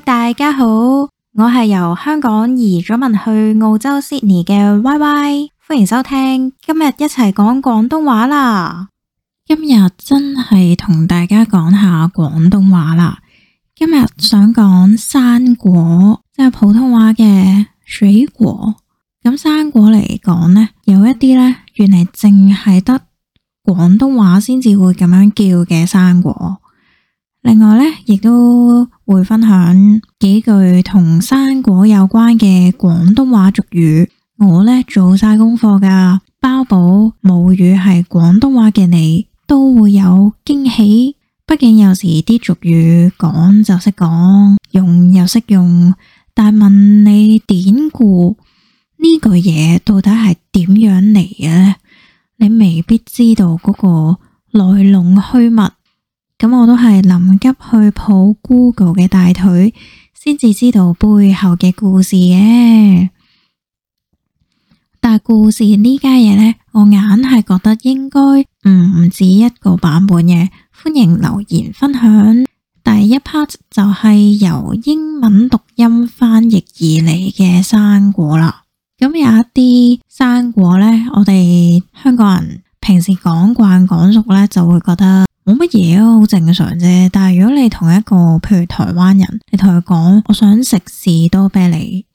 大家好，我係由香港移咗民去澳洲 Sydney 嘅 Y Y，歡迎收聽，今日一齊講廣東話啦。今日真係同大家講下廣東話啦。今日想講生果，即係普通話嘅水果。咁生果嚟講呢，有一啲呢，原來淨係得廣東話先至會咁樣叫嘅生果。另外呢，亦都會分享幾句同生果有關嘅廣東話俗語。我呢，做晒功課噶，包保母語係廣東話嘅你都會有驚喜。畢竟有時啲俗語講就識講，用又識用，但係問你典故呢句嘢到底係點樣嚟嘅，你未必知道嗰個來龍去脈。咁我都係臨急去抱 Google 嘅大腿，先至知道背後嘅故事嘅。但係故事呢家嘢呢，我硬係覺得應該唔止一個版本嘅。歡迎留言分享。第一 part 就係由英文讀音翻譯而嚟嘅生果啦。咁有一啲生果呢，我哋香港人平時講慣講熟呢，就會覺得。嘢咯，好正常啫。但係如果你同一個，譬如台灣人，你同佢講，我想食士多啤梨，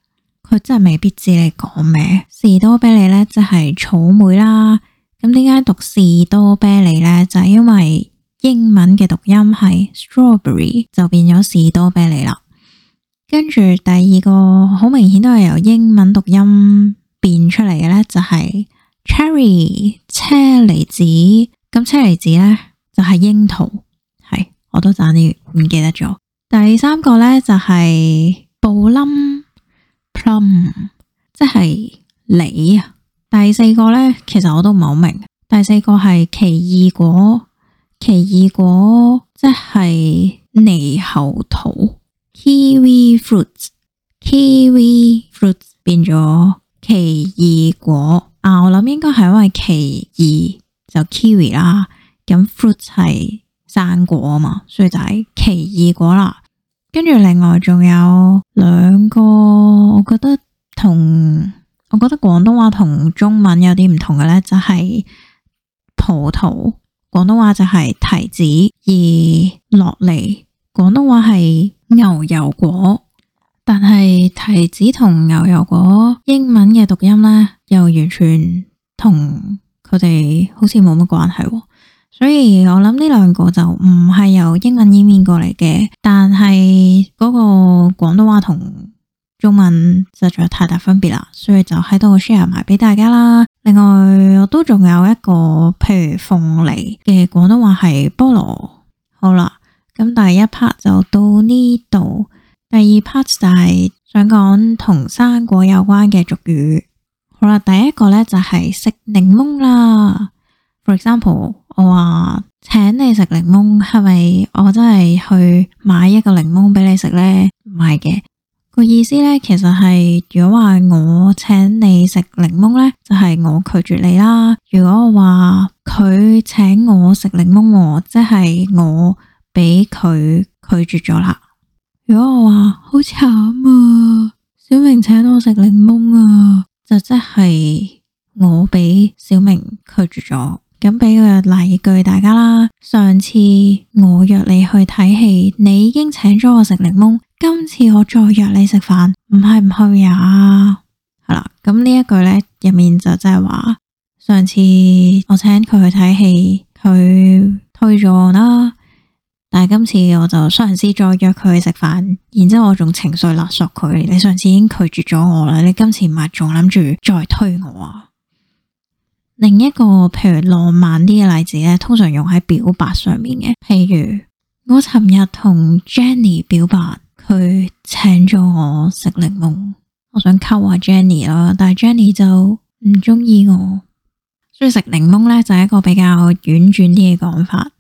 佢真係未必知你講咩。士多啤梨呢就係草莓啦。咁點解讀士多啤梨呢？就係因為英文嘅讀音係 strawberry，就變咗士多啤梨啦。跟住第二個好明顯都係由英文讀音變出嚟嘅，呢就係 cherry 車厘子。咁車厘子呢。就係櫻桃，係我都差啲唔記得咗。第三個咧就係布冧 plum，即係梨啊。第四個咧其實我都唔係好明。第四個係奇異果，奇異果即係獼猴桃 kiwi fruits，kiwi fruits 變咗奇異果啊！我諗應該係因為奇異就 kiwi 啦。咁 fruit 係生果啊嘛，所以就係奇異果啦。跟住另外仲有兩個，我覺得同我覺得廣東話同中文有啲唔同嘅，咧，就係葡萄，廣東話就係提子；而酪梨，廣東話係牛油果。但係提子同牛油果英文嘅讀音咧，又完全同佢哋好似冇乜關係。所以我諗呢兩個就唔係由英文音譯過嚟嘅，但係嗰個廣東話同中文實在太大分別啦，所以就喺度 share 埋俾大家啦。另外，我都仲有一個，譬如鳳梨嘅廣東話係菠蘿。好啦，咁第一 part 就到呢度，第二 part 就係想講同生果有關嘅俗語。好啦，第一個咧就係食檸檬啦，for example。我話請你食檸檬係咪？是是，我真係去買一個檸檬俾你食呢？唔係嘅，個意思呢，其實係如果話我請你食檸檬呢，就係、是、我拒絕你啦。如果我話佢請我食檸檬，即、就、係、是、我俾佢拒絕咗啦。如果我話好慘啊，小明請我食檸檬啊，就即、是、係我俾小明拒絕咗。咁俾個例句大家啦，上次我約你去睇戲，你已經請咗我食檸檬，今次我再約你食飯，唔係唔去呀？係啦，咁呢一句咧入面就即係話，上次我請佢去睇戲，佢推咗我啦，但係今次我就嘗試再約佢去食飯，然之後我仲情緒勒索佢，你上次已經拒絕咗我啦，你今次唔係仲諗住再推我啊？另一個譬如浪漫啲嘅例子，通常用喺表白上面嘅。譬如我尋日同 Jenny 表白，佢請咗我食檸檬，我想溝下 Jenny 啦，但係 Jenny 就唔中意我，所以食檸檬咧就係、是、一個比較婉轉啲嘅講法，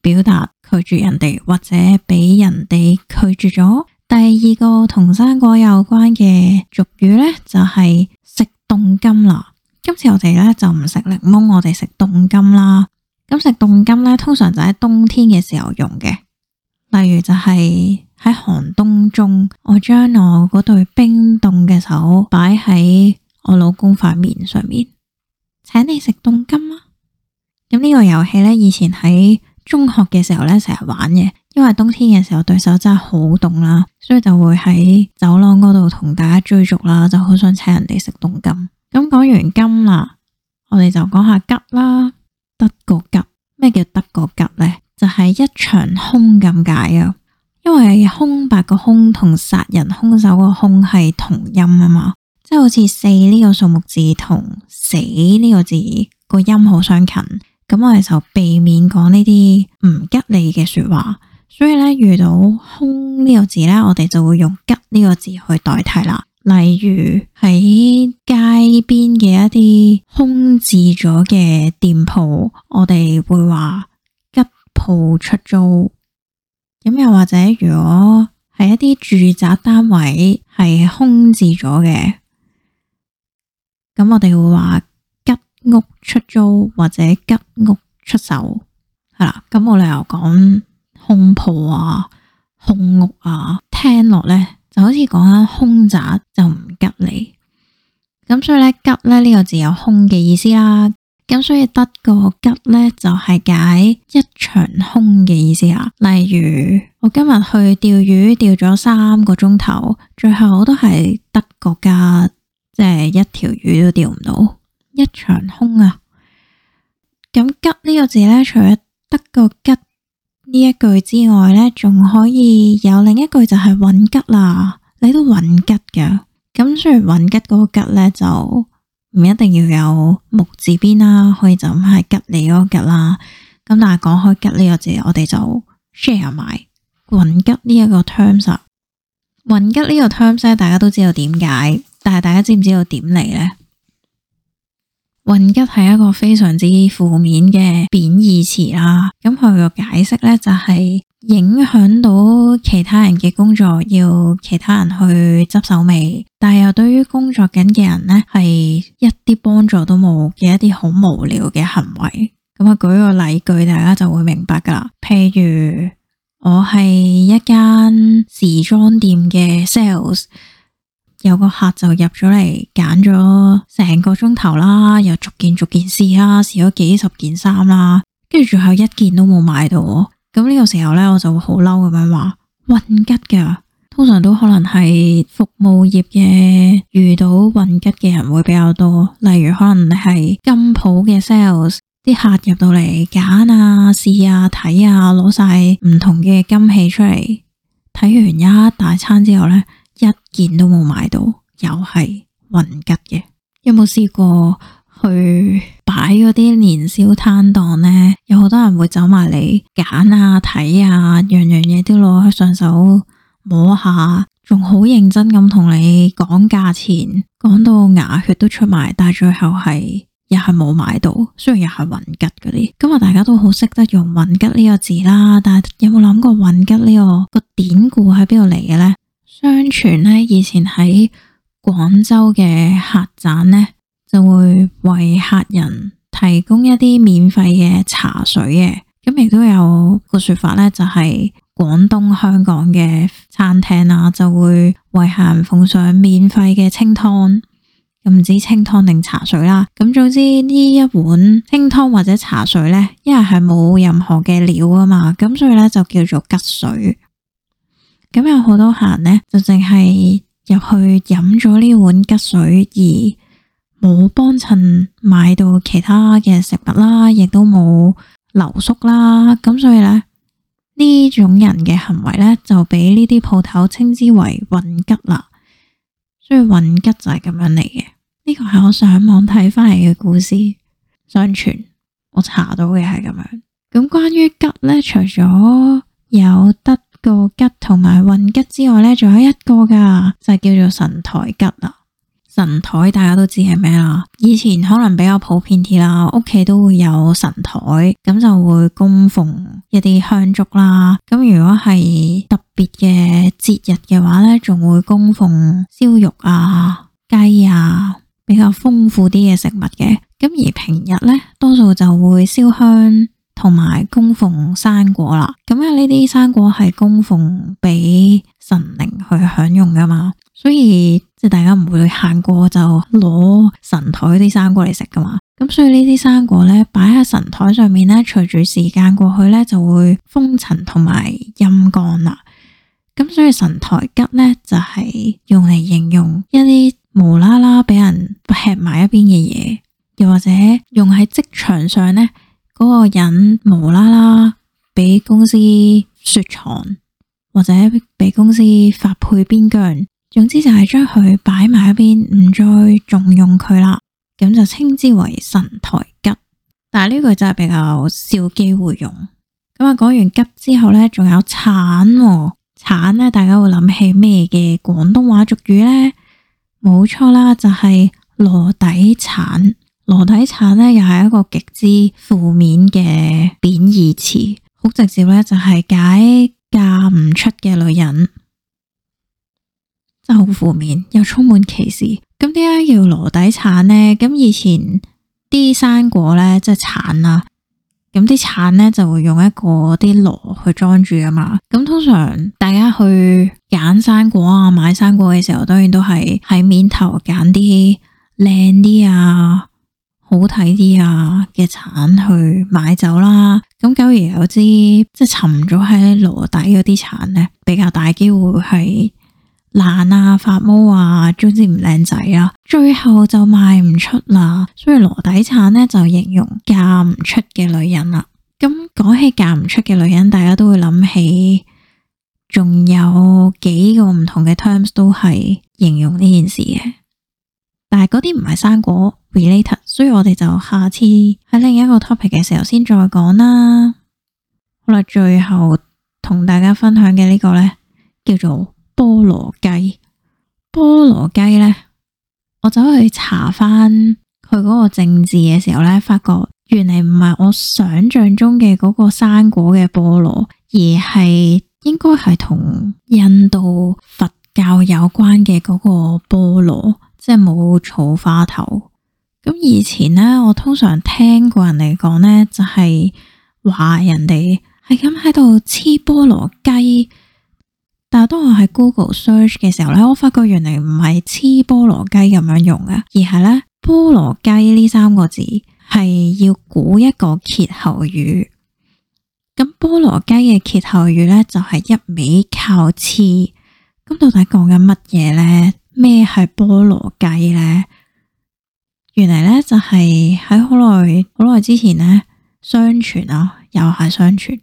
表達拒絕人哋或者俾人哋拒絕咗。第二個同生果有關嘅俗語咧，就係、是、食凍柑啦。今次我哋咧就唔食檸檬，我哋食凍柑啦。咁食凍柑咧，通常就喺冬天嘅時候用嘅。例如就係喺寒冬中，我將我嗰對冰凍嘅手擺喺我老公塊面上面，請你食凍柑啊！咁、這、呢個遊戲咧，以前喺中學嘅時候咧，成日玩嘅。因為冬天嘅時候對手真係好凍啦，所以就會喺走廊嗰度同大家追逐啦，就好想請人哋食凍柑。講完柑啦，我哋就講下吉啦。得個吉，咩叫得個吉呢？就係一場空咁解啊！因為空白個空同殺人凶手個空係同音啊嘛，即係好似四呢個數目字同死呢個字個音好相近。咁我哋就避免講呢啲唔吉利嘅說話。所以呢，遇到凶呢個字呢，我哋就會用吉呢個字去代替啦。例如喺街邊嘅一啲空置咗嘅店鋪，我哋會話吉鋪出租。咁又或者如果係一啲住宅單位係空置咗嘅，咁我哋會話吉屋出租或者吉屋出售。係啦，咁我哋又講空鋪啊、空屋啊，聽落咧就好似講緊凶宅。咁所以咧，吉咧呢個字有空嘅意思啦。咁所以得個吉咧，就係解一場空嘅意思啊。例如我今日去釣魚，釣咗三個鐘頭，最後我都係得個吉，即係一條魚都釣唔到，一場空啊。咁吉呢個字咧，除咗得個吉呢一句之外咧，仲可以有另一句就係運吉啦。你都運吉嘅。咁雖然運吉嗰個吉咧就唔一定要有木字邊啦，可以就咁係吉你嗰個吉啦。咁但係講開吉呢個字，我哋就 share 埋運吉呢一個 terms 啊。運吉呢個 terms 咧，大家都知道點解，但係大家知唔知道點嚟咧？運吉係一個非常之負面嘅貶義詞啦。咁佢嘅解釋咧就係影響到。其他人嘅工作要其他人去執手尾，但係又對於工作緊嘅人呢，係一啲幫助都冇嘅一啲好無聊嘅行為。咁啊，舉個例句，大家就會明白噶啦。譬如我係一間時裝店嘅 sales，有個客就入咗嚟揀咗成個鐘頭啦，又逐件逐件試啦，試咗幾十件衫啦，跟住最後一件都冇買到。咁呢個時候呢，我就會好嬲咁樣話。運吉噶。通常都可能係服務業嘅，遇到運吉嘅人會比較多，例如可能係金鋪嘅 sales，啲客入到嚟揀啊、試啊、睇啊，攞晒唔同嘅金器出嚟，睇完一大餐之後呢，一件都冇買到，又係運吉嘅，有冇試過？去擺嗰啲年宵攤檔呢，有好多人會走埋嚟揀啊睇啊，啊樣樣嘢都攞上手摸下，仲好認真咁同你講價錢，講到牙血都出埋，但係最後係又係冇買到，雖然又係混吉嗰啲。咁啊，大家都好識得用混吉呢個字啦，但係有冇諗過混吉呢個個典故喺邊度嚟嘅呢？相傳呢，以前喺廣州嘅客棧呢，就會為客人提供一啲免費嘅茶水嘅，咁亦都有個說法呢，就係廣東香港嘅餐廳啦、啊，就會為客人奉上免費嘅清湯，又唔知清湯定茶水啦。咁總之呢一碗清湯或者茶水呢，因為係冇任何嘅料啊嘛，咁所以呢，就叫做吉水。咁有好多客人呢，就淨係入去飲咗呢碗吉水而。冇幫襯買到其他嘅食物啦，亦都冇留宿啦，咁所以咧，呢種人嘅行為咧，就俾呢啲鋪頭稱之為運吉啦，所以運吉就係咁樣嚟嘅。呢個係我上網睇翻嚟嘅故事相傳，我查到嘅係咁樣。咁關於吉咧，除咗有得個吉同埋運吉之外咧，仲有一個噶，就係叫做神枱桔啦。神檯大家都知係咩啦，以前可能比較普遍啲啦，屋企都會有神檯，咁就會供奉一啲香燭啦。咁如果係特別嘅節日嘅話呢，仲會供奉燒肉啊、雞啊，比較豐富啲嘅食物嘅。咁而平日呢，多數就會燒香同埋供奉生果啦。咁啊，呢啲生果係供奉俾。神靈去享用噶嘛，所以即係大家唔會去行過就攞神台啲生果嚟食噶嘛。咁所以水呢啲生果咧，擺喺神台上面咧，隨住時間過去咧，就會封塵同埋陰乾啦。咁所以神枱桔咧就係、是、用嚟形容一啲無啦啦俾人吃埋一邊嘅嘢，又或者用喺職場上咧嗰、那個人無啦啦俾公司雪藏。或者俾公司發配邊疆，總之就係將佢擺埋一邊，唔再重用佢啦。咁就稱之為神枱桔，但係呢句就係比較少機會用。咁啊，講完吉之後呢，仲有橙，橙呢，大家會諗起咩嘅廣東話俗語呢？冇錯啦，就係籮底橙。「籮底橙」呢，又係一個極之負面嘅貶義詞，好直接呢，就係解。嫁唔出嘅女人真係好負面，又充滿歧視。咁點解叫籮底橙呢？咁以前啲生果咧，即係橙啦。咁啲橙咧就會用一個啲籮去裝住啊嘛。咁通常大家去揀生果啊，買生果嘅時候，當然都係喺面頭揀啲靚啲啊。好睇啲啊嘅橙去買走啦，咁久而有之，即係沉咗喺籮底嗰啲橙呢，比較大機會係爛啊、發毛啊、總之唔靚仔啊，最後就賣唔出啦。所以籮底橙呢，就形容嫁唔出嘅女人啦。咁講起嫁唔出嘅女人，大家都會諗起仲有幾個唔同嘅 terms 都係形容呢件事嘅，但係嗰啲唔係生果，所以，我哋就下次喺另一個 topic 嘅時候先再講啦。好啦，最後同大家分享嘅呢個呢，叫做菠蘿雞。菠蘿雞呢，我走去查翻佢嗰個正字嘅時候呢，發覺原嚟唔係我想象中嘅嗰個生果嘅菠蘿，而係應該係同印度佛教有關嘅嗰個菠蘿，即係冇草花頭。咁以前咧，我通常聽個人嚟講咧，就係、是、話人哋係咁喺度黐菠蘿雞。但係當我喺 Google search 嘅時候咧，我發覺原嚟唔係黐菠蘿雞咁樣用嘅，而係咧菠，菠，菠蘿雞呢三個字係要估一個歇後語。咁菠蘿雞嘅歇後語咧就係一味靠黐。咁到底講緊乜嘢咧？咩係菠蘿雞咧？原來咧就係喺好耐好耐之前咧，相傳啊，又係相傳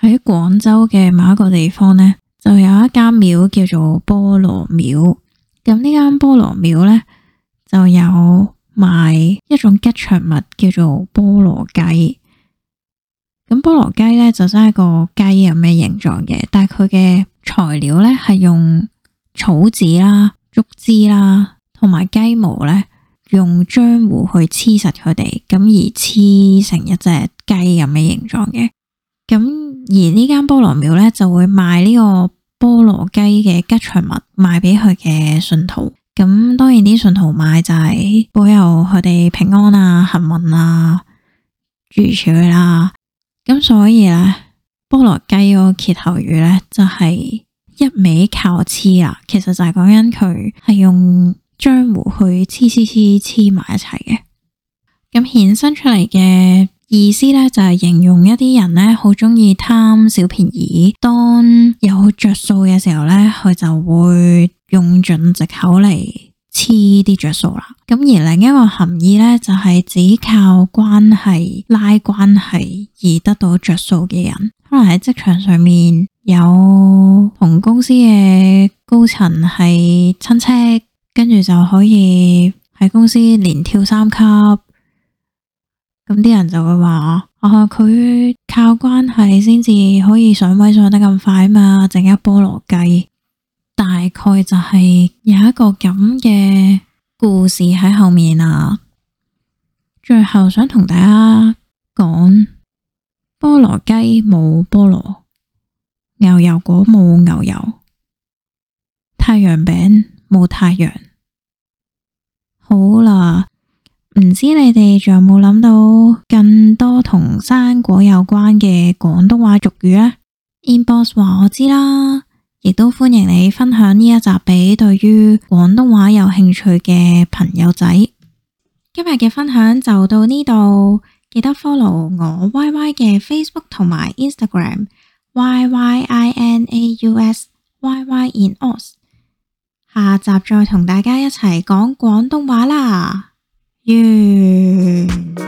喺廣州嘅某一個地方咧，就有一間廟叫做菠蘿廟。咁呢間菠蘿廟咧，就有賣一種吉祥物叫做菠蘿雞。咁菠蘿雞咧就真係個雞咁嘅形狀嘅，但係佢嘅材料咧係用草紙啦、竹枝啦。同埋雞毛咧，用漿糊去黐實佢哋，咁而黐成一隻雞咁嘅形狀嘅。咁而呢間菠蘿廟咧，就會賣呢個菠蘿雞嘅吉祥物，賣俾佢嘅信徒。咁當然啲信徒買就係保佑佢哋平安啊、幸運啊、住處啦。咁所以咧，菠蘿雞個歇後語咧就係一味靠黐啊。其實就係講緊佢係用。漿糊去黐黐黐黐埋一齊嘅，咁衍生出嚟嘅意思呢，就係形容一啲人呢好中意貪小便宜。當有着數嘅時候呢，佢就會用盡藉口嚟黐啲着數啦。咁而另一個含義呢，就係只靠關係拉關係而得到着數嘅人，可能喺職場上面有同公司嘅高層係親戚。跟住就可以喺公司連跳三級，咁啲人就會話：我、哦、佢靠關係先至可以上位上得咁快啊嘛！淨一菠蘿雞，大概就係有一個咁嘅故事喺後面啦。最後想同大家講：菠蘿雞冇菠蘿，牛油果冇牛油，太陽餅冇太陽。好啦，唔知你哋仲有冇諗到更多同生果有關嘅廣東話俗語啊？Inbox 話我知啦，亦都歡迎你分享呢一集俾對於廣東話有興趣嘅朋友仔。今日嘅分享就到呢度，記得 follow 我 YY 嘅 Facebook 同埋 Instagram，YY IN AUS，YY IN AUS。下集再同大家一齊講廣東話啦，yeah.